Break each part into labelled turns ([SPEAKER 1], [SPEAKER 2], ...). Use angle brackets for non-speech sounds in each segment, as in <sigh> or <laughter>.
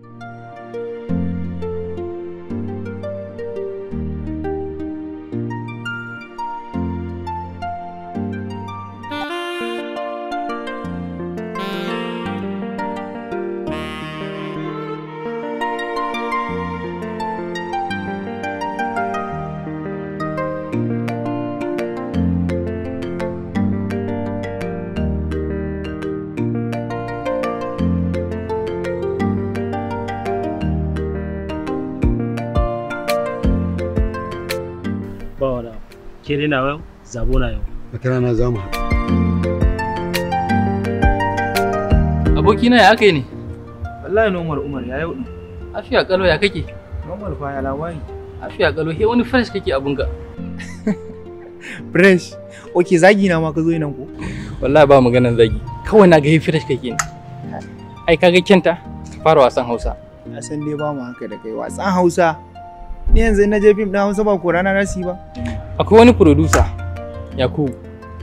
[SPEAKER 1] Thank you. ne na yau zabo na yau
[SPEAKER 2] wata rana za mu haɗu
[SPEAKER 3] aboki na ya aka ne wallahi nomar umar ya yau din afiya kalo ya kake normal fa ya labari afiya kalo he wani fresh kake abun ka <laughs> fresh oke zagi na ma ka zo nan ko wallahi ba maganan zagi kawai na ga he fresh kake ne
[SPEAKER 1] ai kaga kenta
[SPEAKER 3] fara wasan Hausa
[SPEAKER 1] a san dai ba mu haka da kai wasan Hausa ni yanzu na je fim ɗin hausa ba ko rana nasi ba akwai wani
[SPEAKER 3] producer yakubu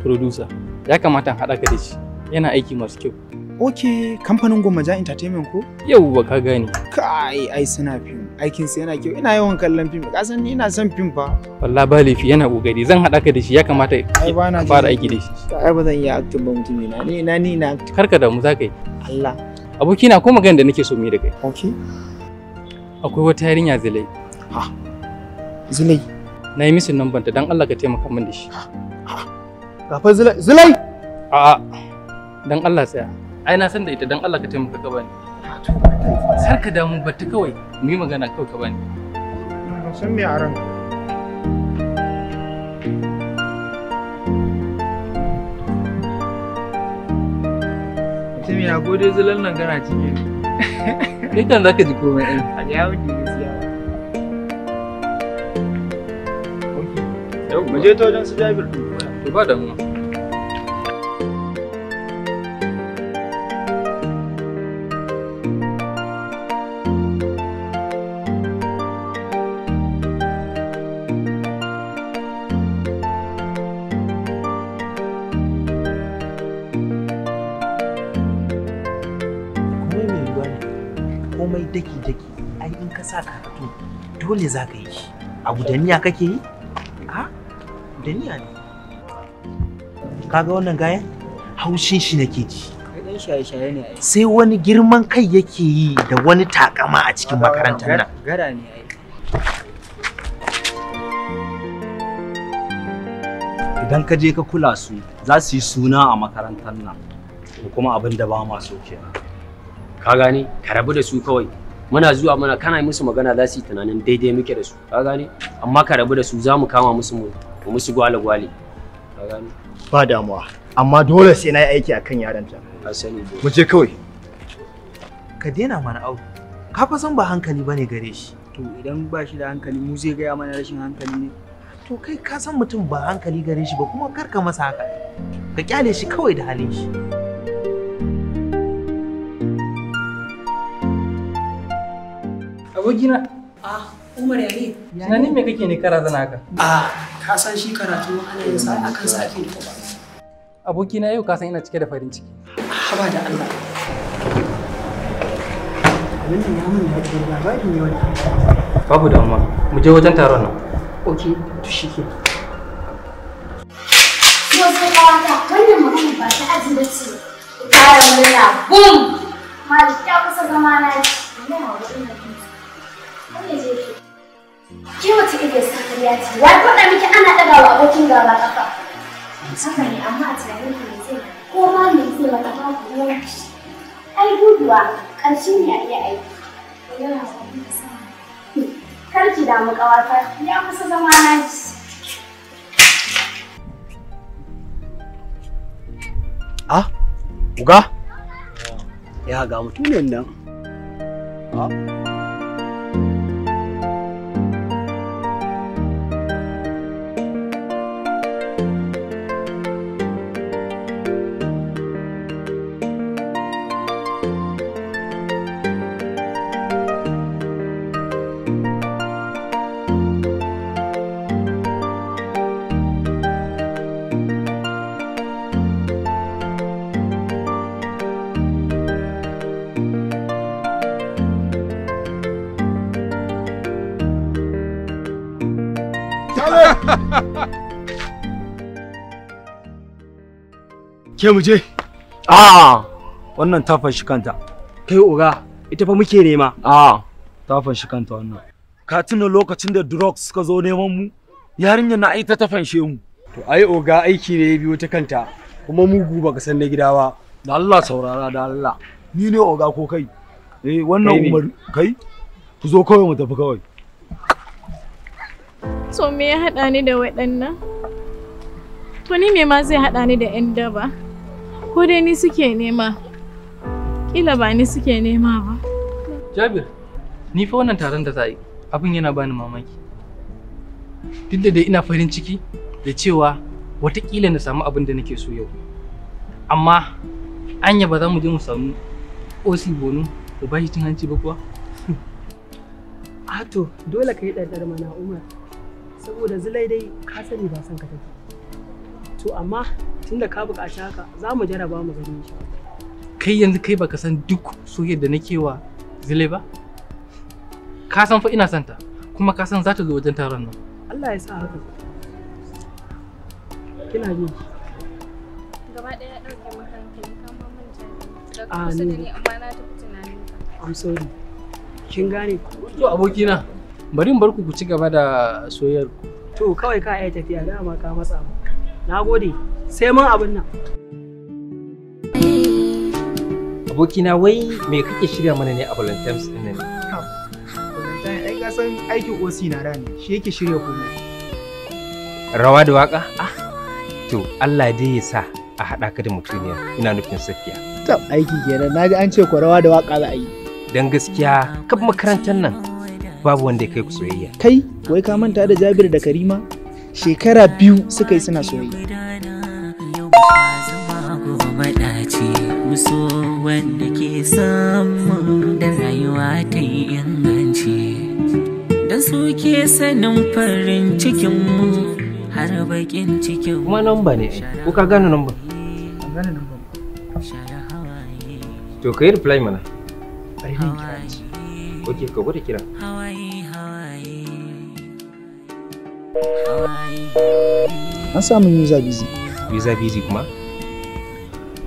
[SPEAKER 3] producer
[SPEAKER 1] ya kamata haɗa ka da shi yana aiki masu kyau ok kamfanin gwammaja entertainment ko ba ka gane kai ai suna fim aikin sa yana kyau ina yawan kallon fim ka san ni ina son fim fa
[SPEAKER 3] wallahi ba laifi yana kokari zan hada ka da shi ya kamata ai ba na fara aiki da shi
[SPEAKER 1] ai ba zan iya acting ba mutum ina ni ina ni ina acting
[SPEAKER 3] karka da za ka yi Allah aboki na ko magana da nake so mu yi da kai okay akwai wata yarinya zalai Ha. Zulai. Na yi misin nan ta dan Allah ka taimaka min da shi. Gafa Zulai. Zulai. A'a. Dan Allah tsaya. Ai na san da ita dan Allah ka taimaka ka bani. Sar ka damu batta kawai mu yi magana kawai ka bani.
[SPEAKER 1] Na san me a ranka. Mutum ya gode zulal nan gana cikin. Kai
[SPEAKER 3] kan zaka ji komai ai.
[SPEAKER 1] wuce. yau mu je ta wajen su jabir
[SPEAKER 3] to ba damuwa
[SPEAKER 1] komai daki-daki ai in ka sa karatu dole za ka yi shi a gudaniya kake yi da niya ne kaga wannan gayan haushin shi nake ji sai wani girman kai yake yi da wani takama a cikin makarantar nan gara ne idan ka je ka kula su za su yi suna a makarantar nan kuma abin da ba ma so kenan ka gane ka rabu da su kawai muna zuwa muna kana musu magana za su yi tunanin daidai muke da su ka gane amma ka rabu da su za mu kama musu mu musu gwale-gwale ba damuwa amma dole sai na yi aiki akan yaran ta. mu je kawai ka daina mana au ka fa san ba hankali bane gare shi to idan ba shi da hankali mu zai gaya mana rashin hankali ne to kai ka san mutum ba hankali gare shi ba kuma kar ka masa haka ka kyale shi kawai da halin shi abokina ah umar yayi tunani
[SPEAKER 3] me kake ne kara zana haka ah
[SPEAKER 1] ka san shi karatu ana yin sa akan sa ake duka ba
[SPEAKER 3] abokina yau ka san ina cike da farin ciki haba da Allah wannan ya mun dace labari ne wani babu damuwa mu je wajen taron nan ok to shi ke.
[SPEAKER 4] shike wasu kawata wannan mutum ba ta azubaci ƙara murna bum ma ta kusa zama na ci ina wa Ke wace irin sakariya ce? Wai da muke ana ɗaga wa abokin
[SPEAKER 1] gaba kafa. Haka ne amma a tunanin ki mai zai
[SPEAKER 4] ko ma mai zai wata babu ruwan ki. Ai guduwa ƙarshe ya a iya aiki. Kar ki damu ƙawata ya kusa zama na ji.
[SPEAKER 2] Ah, uga?
[SPEAKER 1] Ya ga mutumin nan. Ah.
[SPEAKER 2] Ke mu je? A'a. Wannan ta shi kanta. Kai oga, ita fa muke nema. A'a. Ta shi kanta wannan. Ka tuna lokacin da drugs suka zo neman mu? Yarinya na ai ta ta fanshe mu. To ai oga aiki ne ya biyo ta kanta. Kuma mugu baka san na gida ba. Da Allah saurara da Allah. Ni ne oga ko kai? Eh wannan umar kai? Ku zo kawai mu tafi kawai.
[SPEAKER 1] To me ya haɗa ni da waɗannan? To ni me ma zai haɗa ni da 'yan daba? Ko dai ni suke nema. Kila ba ni suke nema ba.
[SPEAKER 3] Jabir, ni fa wannan taron da za yi abin yana bani mamaki. Duk da dai ina farin ciki da cewa watakila na samu abin da nake so yau. Amma anya ba za mu je mu samu osi bonu da bashi cin hanci ba kuwa?
[SPEAKER 1] Ato, dole ka yi ɗanɗar mana Umar. Saboda zulai dai ka sani ba san ka take. to amma tunda ka buƙaci haka za mu jaraba mu gani
[SPEAKER 3] kai yanzu kai baka san duk soyayyar da nake wa zile ba ka san fa ina santa kuma ka san za
[SPEAKER 1] ta zo wajen taron nan Allah ya sa haka kina ji gaba ɗaya ɗauke mu hankali kama manta da kusa da ni amma na tafi tunanin
[SPEAKER 3] ka I'm sorry kin gane to abokina bari in bar ku ku ci gaba da soyayyar ku
[SPEAKER 1] to kawai ka iya tafiya dama ka matsa mu na gode sai mun abin nan abokina wai me kake shirya mana ne a valentines din nan ai ka san aikin oc na rani shi yake shirya komai rawa da waka ah to Allah dai ya sa a haɗa ka da mutuniya ina nufin safiya to aiki kenan naji an ce ku rawa da waka za a yi dan gaskiya kafin makarantar nan babu wanda ya kai ku soyayya kai wai ka manta da Jabir da Karima shekara biyu suka yi suna soyayya so wanda ke samun da rayuwa ta yi ke sanin farin kuma namba ne ko ka gane namba gane to ka yi reply mana ne kira ok ka gwada kira An samu user busy. User busy kuma?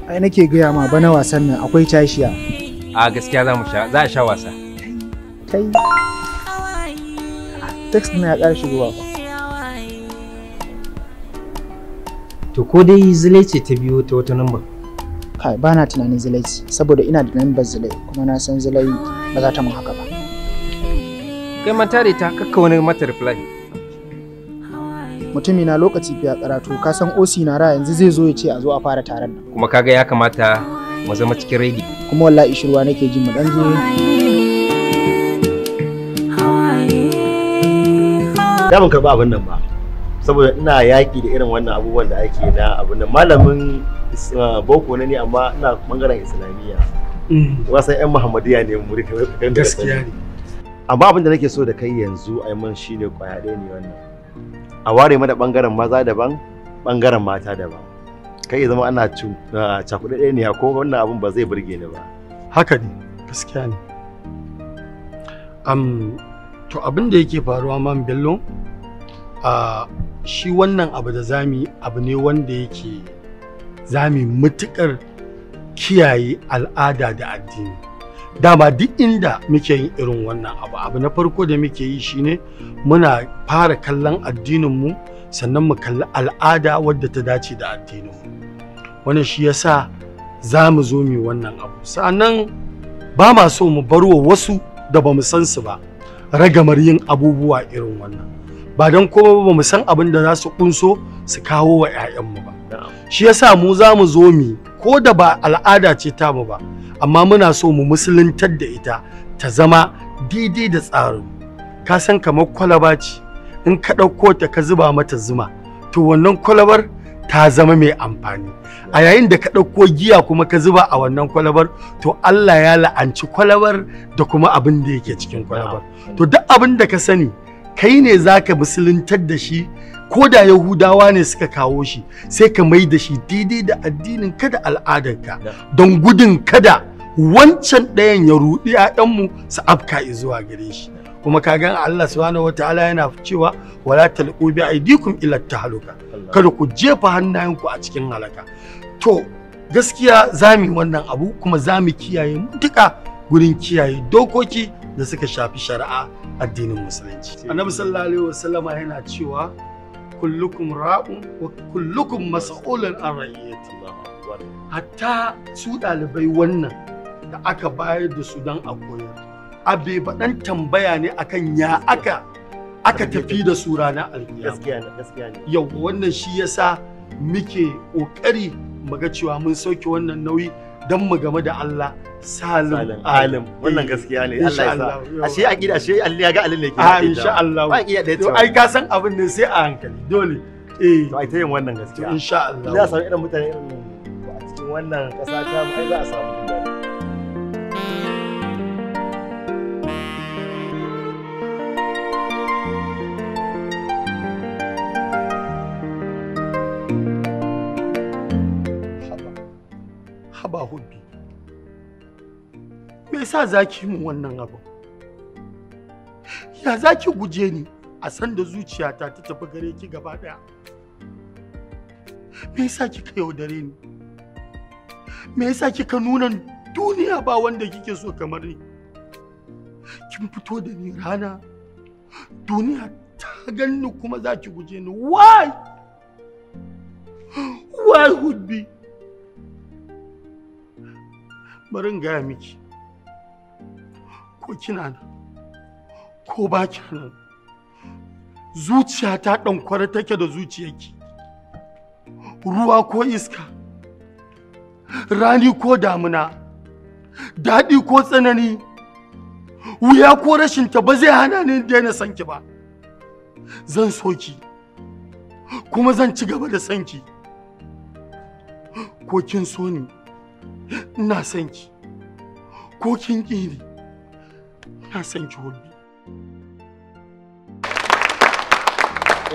[SPEAKER 1] Ai nake gaya ma bana wasan nan akwai tashiya. A gaskiya za mu sha za a sha wasa. Kai. Text na ya ƙara shigowa ba. To ko dai zile ce ta biyo ta wata namba? Kai ba na tunanin zile ce saboda ina da lambar zile kuma na san zile ba za ta mun haka ba. Kai mata da ta kakka wani mata reply. mutumi na lokaci fiya karatu ka san osi na ra yanzu zai zo ya ce a zo a fara taron nan kuma kaga ya kamata mu zama cikin ready kuma wallahi shirwa nake ji mu dan zo
[SPEAKER 2] da ban karba abin nan ba saboda ina yaki da irin wannan abubuwan da ake na abin nan malamin uh, boko ne amma ina bangaren islamiyya mm. wasan yan muhammadiya ne mu rika gaskiya ne amma abin da nake so da kai yanzu a yi man shine kwaya ɗaya ne wannan a ware mana bangaren maza daban bangaren mata daban kai ya zama ana cakuɗe ɗaya ne ko wannan abun ba zai burge ni ba haka ne gaskiya ne to abin da yake faruwa man bello shi wannan abu da zami abu ne wanda yake zami mutukar kiyaye al'ada da addini dama duk inda muke yin irin wannan abu abu na farko da muke yi shine muna fara kallon addininmu sannan mu kalli al'ada wadda ta dace da addininmu wani shi yasa za mu zo mu wannan abu sa'annan ba ma so mu bar wa wasu da ba mu san su ba ragamar yin abubuwa irin wannan ba don kuma ba mu san abin da za su kunso su kawo wa 'ya'yanmu ba shi yasa mu za mu zo mu ko da ba al'ada ce ta mu ba amma muna so mu musuluntar da ita ta zama didi da tsarin ka san kamar kwalaba ce in ka ɗauko ta ka zuba mata zuma to wannan kwalabar ta zama mai amfani a yayin da ka ɗauko giya kuma ka zuba a wannan kwalabar to Allah ya la'anci kwalabar da kuma abin da yake cikin kwalabar to duk abin da ka sani kai ne zaka musuluntar da shi ko da yahudawa ne suka kawo shi sai ka mai da shi daidai da addinin ka da al'adarka don gudun kada wancan ɗayan ya ruɗi 'ya'yanmu su afka zuwa gare shi kuma ka gan Allah subhanahu wataala yana cewa wala talqu bi aidikum ila tahluka kada ku jefa hannayenku a cikin halaka to gaskiya zami wannan abu kuma zami kiyaye mutuka gurin kiyaye dokoki da suka shafi shari'a addinin musulunci annabi sallallahu alaihi wasallama yana cewa kullukum ra'un wa kullukum mas'ulun an hatta su ɗalibai wannan da aka bayar da su don a koyar abe baɗan tambaya ne akan ya aka aka tafi da su ranar alkiyama yau wannan shi yasa muke ƙoƙari ga cewa mun sauke wannan nauyi don mu game da Allah salim alim wannan gaskiya ne Allah ya sa ashe a gida ashe Allah ya ga alin ne ke ah, a insha Allah ba iya da to ai ka san abin ne sai a hankali dole eh to ai ta yin wannan gaskiya insha Allah za a samu irin mutane irin a cikin wannan kasa ta mu ai za a samu yasa za ki wannan abu ya za guje ni a san da zuciyata ta tafi gare ki gaba daya me yasa kika yaudare ni me yasa kika nuna duniya ba wanda kike so kamar ni kin fito da ni rana duniya ta ganni kuma zaki ki guje ni why why would be bari in gaya miki ko kina nan ko ba kina nan zuciya ta ɗankwara take da zuciyarki ruwa ko iska rani ko damuna daɗi ko tsanani wuya ko rashinta ba zai hana ni daina son ki ba zan so ki kuma zan ci gaba da sanki ko kin so ni ina son ko kin ƙi ni ina son ki hobi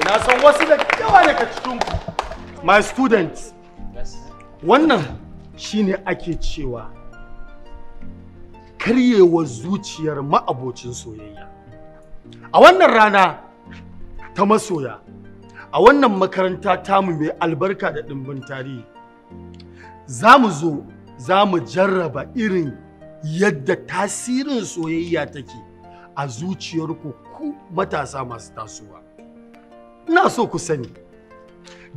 [SPEAKER 2] na san wasu da yawa daga cikin my students wannan shine ake cewa karyewa zuciyar ma'abocin soyayya a wannan rana ta masoya a wannan makaranta tamu mai albarka da ɗimbin tarihi za mu zo za mu jarraba irin yadda tasirin soyayya take a zuciyar ku matasa masu tasowa. Ina so ku sani,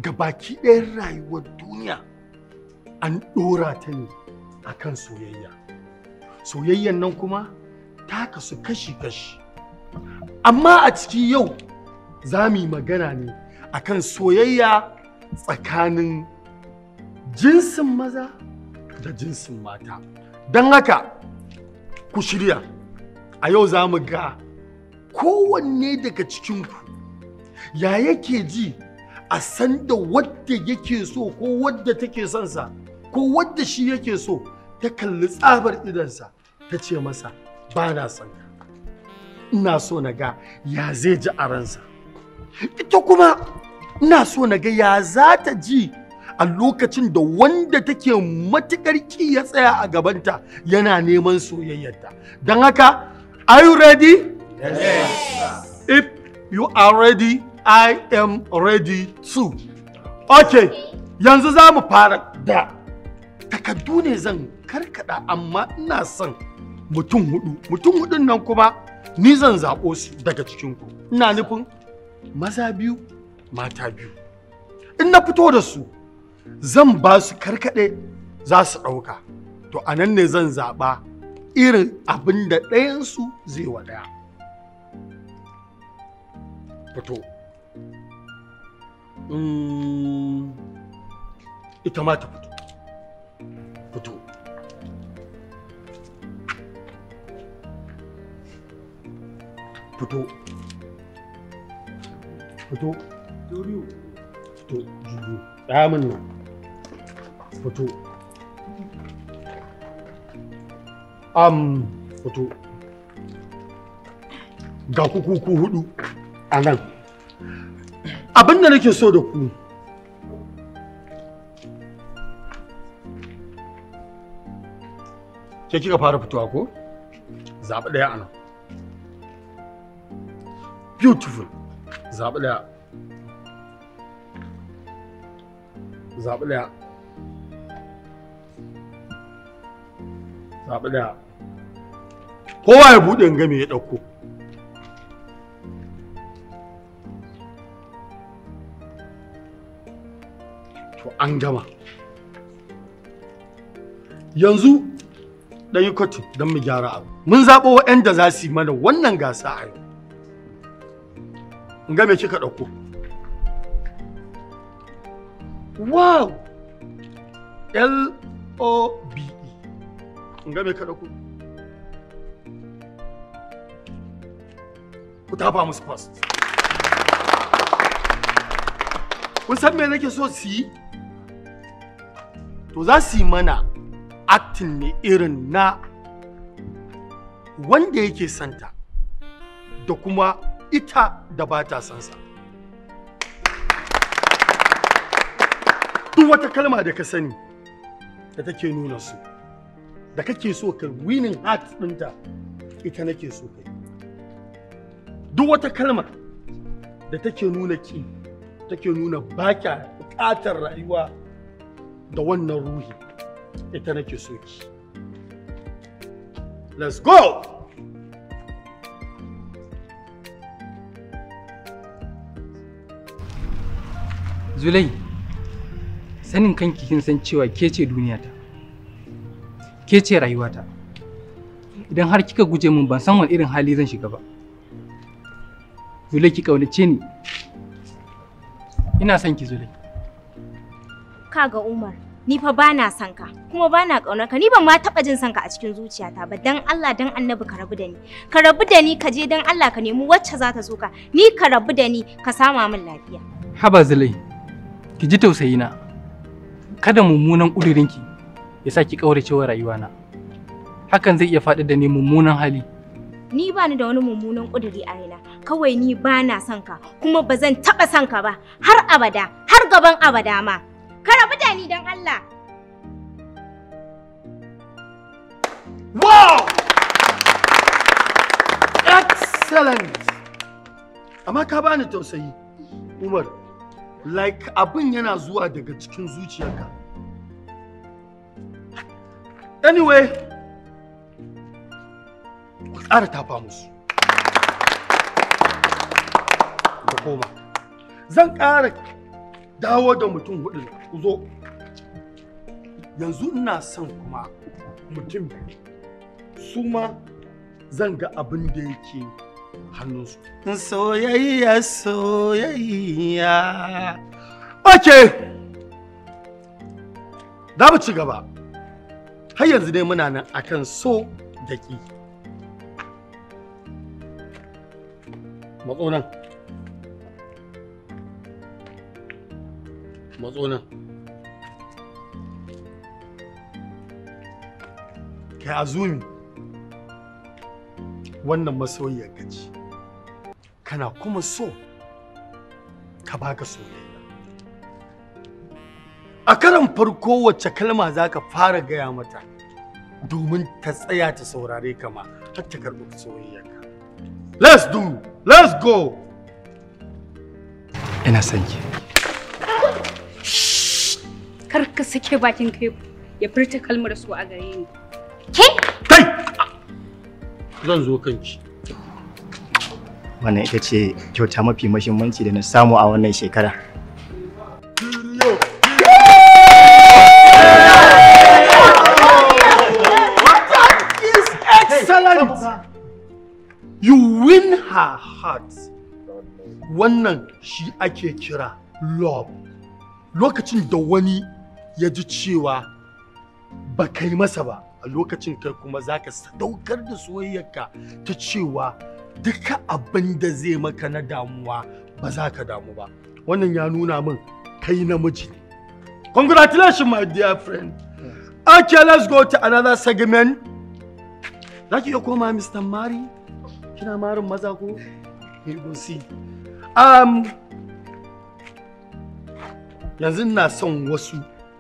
[SPEAKER 2] ga baki ɗayan rayuwar duniya an ɗora ta ne a soyayya. Soyayyan nan kuma ta kasu kashi-kashi. Amma a ciki yau za mu yi magana ne akan soyayya tsakanin jinsin maza da jinsin mata. don haka ku shirya a yau za mu ga kowanne daga cikinku ya yake ji a san da wadda yake so ko wadda take son sa ko wadda shi yake so ta kalli tsabar idansa ta ce masa ba na son ka ina so na ga ya zai ji a ransa ita kuma ina so na ga ya za ta ji a lokacin da wanda take matukar ki ya tsaya a gabanta yana neman soyayyarta dan haka are you ready
[SPEAKER 4] yes.
[SPEAKER 2] if you are ready i am ready too okay yanzu za mu fara da takardu ne zan karkada amma ina son mutum hudu mutum hudun nan kuma ni zan zaɓo su daga cikinku ina nufin maza biyu mata biyu in na fito da su zan ba su karkaɗe za su ɗauka to a nan ne zan zaɓa irin abin da ɗayansu zai wa ɗaya mm, ita ma ta fito fito fito fito fito fito ɗaya min nan futu am futu ga kuku hudu a nan abin da nake so da ku ke kika fara fitowa ko zaɓi ɗaya a nan beautiful zaɓi ɗaya zaɓi ɗaya kowa ya buɗe in game ya ɗauko to an gama yanzu ɗan yi kwatin don mu gyara abu mun zaɓo waɗanda za su yi mana wannan gasa a yau in game kika ɗauko wow b. in ga me ka dauko ku tafa musu fast kun san me nake so su to za su mana acting ne irin na wanda yake santa da kuma ita da ba ta sansa. sa duk wata kalma da ka sani da take nuna su da kake so ka winning heart ɗinta ita nake so ka duk wata kalmar da take nuna ki take nuna baka buƙatar rayuwa da wannan ruhi ita nake so ki let's go Zulai,
[SPEAKER 3] sanin kanki kin san cewa ke ce duniyata. ke ce rayuwata idan har kika guje min ban san wani irin hali zan shiga ba zule ki kaunace ni ina son ki zule
[SPEAKER 1] kaga umar ni fa bana son ka kuma bana kaunar ka ni ban ma taba jin son ka a cikin zuciyata ba dan Allah dan Annabi ka rabu da ni ka rabu da ni ka je dan Allah ka nemi wacce za ta so ka ni ka rabu da ni ka sama min lafiya
[SPEAKER 3] haba zulai ki ji tausayina kada mummunan ƙudurinki ya sa ki rayuwa rayuwana hakan zai iya faɗi da ni mummunan hali
[SPEAKER 1] ni ba ni da wani mummunan ƙuduri a raina kawai ni ba na son ka kuma ba zan taɓa son ka ba har abada har gaban abada ma
[SPEAKER 4] ka rabu da ni don Allah
[SPEAKER 2] wow excellent amma ka bani tausayi Umar like abin yana zuwa daga cikin zuciyarka anyway ku ta tafa musu da koma zan ƙara dawo da mutum hudu ku zo yanzu ina son kuma mutum su ma zan ga abin da yake hannunsu soyayya soyayya ok da mu ci gaba har yanzu dai muna nan akan so da ki matsonan matsonan kai azumi wannan masoyiyar gaci kana kuma so ka baka soyayya a karan farko wacce kalma za ka fara gaya mata domin ta tsaya ta saurare ka ma har ta karɓi soyayyarka let's do let's go ina son ki
[SPEAKER 1] kar ka sake bakin kai ya furta kalmar su a gare ni ke
[SPEAKER 2] kai zan zo kanki
[SPEAKER 3] wannan ita ce kyauta mafi muhimmanci da na samu a wannan shekara
[SPEAKER 2] excellent you win her heart wannan shi ake kira love lokacin da wani ya ji cewa ba kai masa ba a lokacin kai kuma za ka sadaukar da soyayyarka ta cewa duka abin da zai maka na damuwa ba za ka damu ba wannan ya nuna min kai namiji ne congratulations my dear friend okay let's go to another segment zaki iya koma Mr. Mari? Kina marin maza ko? Here Um, yanzu na son wasu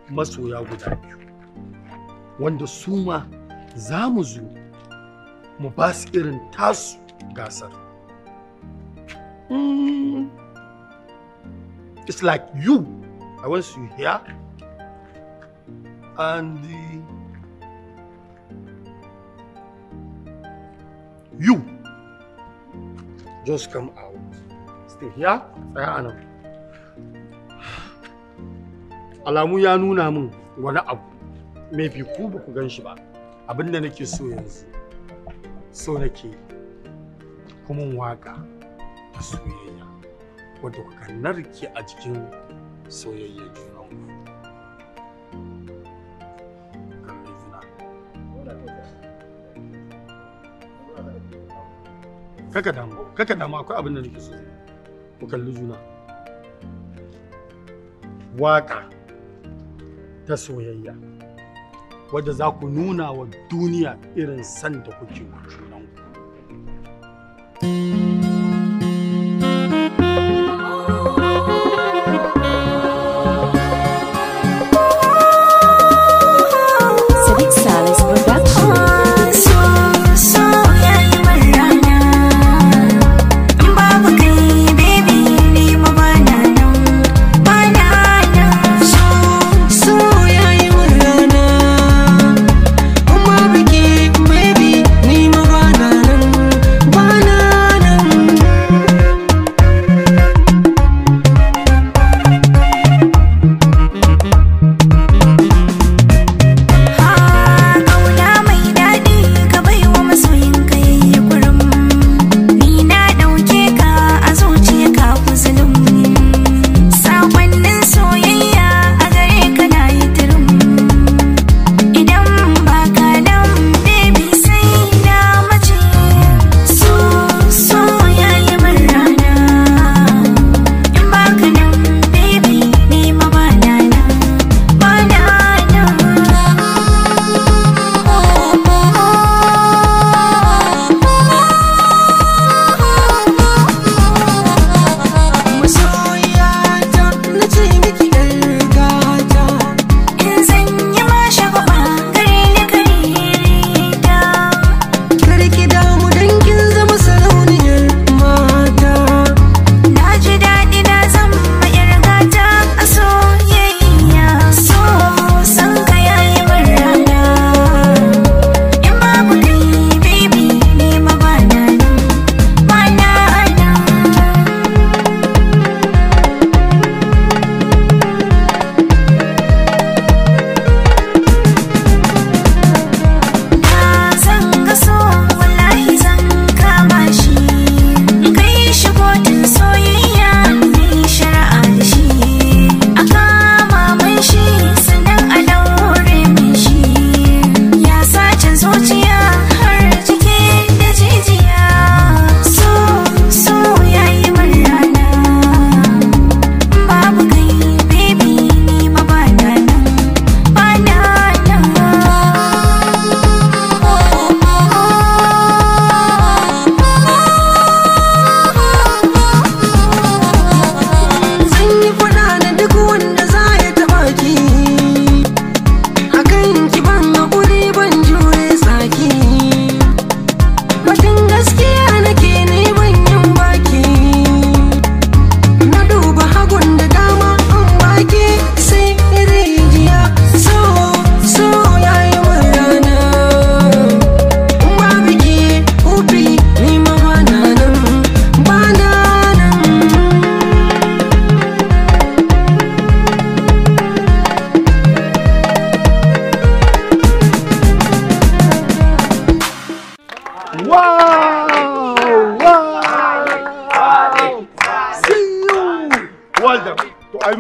[SPEAKER 2] masoya guda biyu wanda su ma za mu zo mu ba su irin tasu gasar.
[SPEAKER 4] Mm.
[SPEAKER 2] It's like you. I want you here and the You, just come out. Stay here, tsaya a nan. Alamu ya nuna min wani abu, maybe ku ba ku gan shi ba. Abin da nake so yanzu, so nake kuma waka a soyayya, wadda ki narke a jikin soyayya kaka damu kaka damu akwai abin da nake so mu kalli juna waka ta soyayya wadda za ku nuna wa duniya irin san da kuke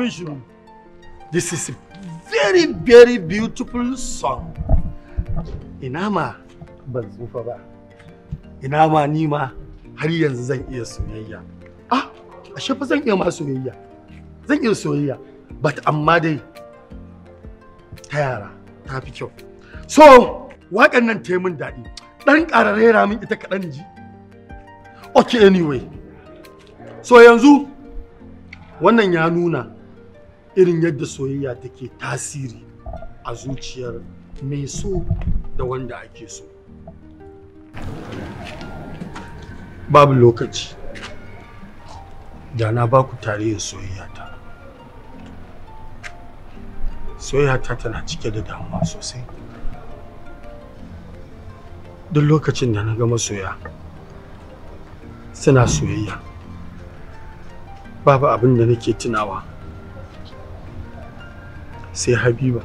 [SPEAKER 2] min shiru. This is a very very beautiful song. Inama. ban tsufa ba. Ina ni ma har yanzu zan iya soyayya. Ah, ashe fa zan iya ma soyayya. Zan iya soyayya. But amma dai ta yara ta fi kyau. So, waƙan nan ta yi min daɗi. Ɗan ƙararrera min ita kaɗan ji. Okay anyway. So yanzu wannan ya nuna irin yadda soyayya take tasiri a zuciyar mai so da wanda ake so babu lokaci da na ba ku tarihin Soyayya ta tana cike da damuwa sosai duk lokacin da na ga masoya suna soyayya babu abin da nake tunawa sai habiba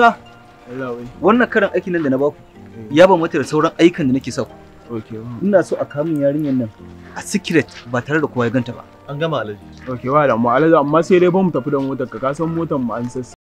[SPEAKER 1] Musa. Wannan karin aikin nan da na baku ya ba mata da sauran aikan da nake sa ku. Ina so a kamun yarinyar nan a secret ba tare da kowa ya ganta ba. An gama alaji. Okay, wa da amma sai dai ban mu tafi da motar ka san motar mu an sassa.